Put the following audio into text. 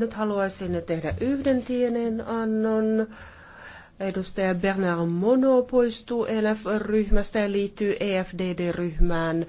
Nyt haluaisin tehdä yhden annon. Edustaja Bernard Mono poistuu ELF-ryhmästä ja liittyy EFDD-ryhmään.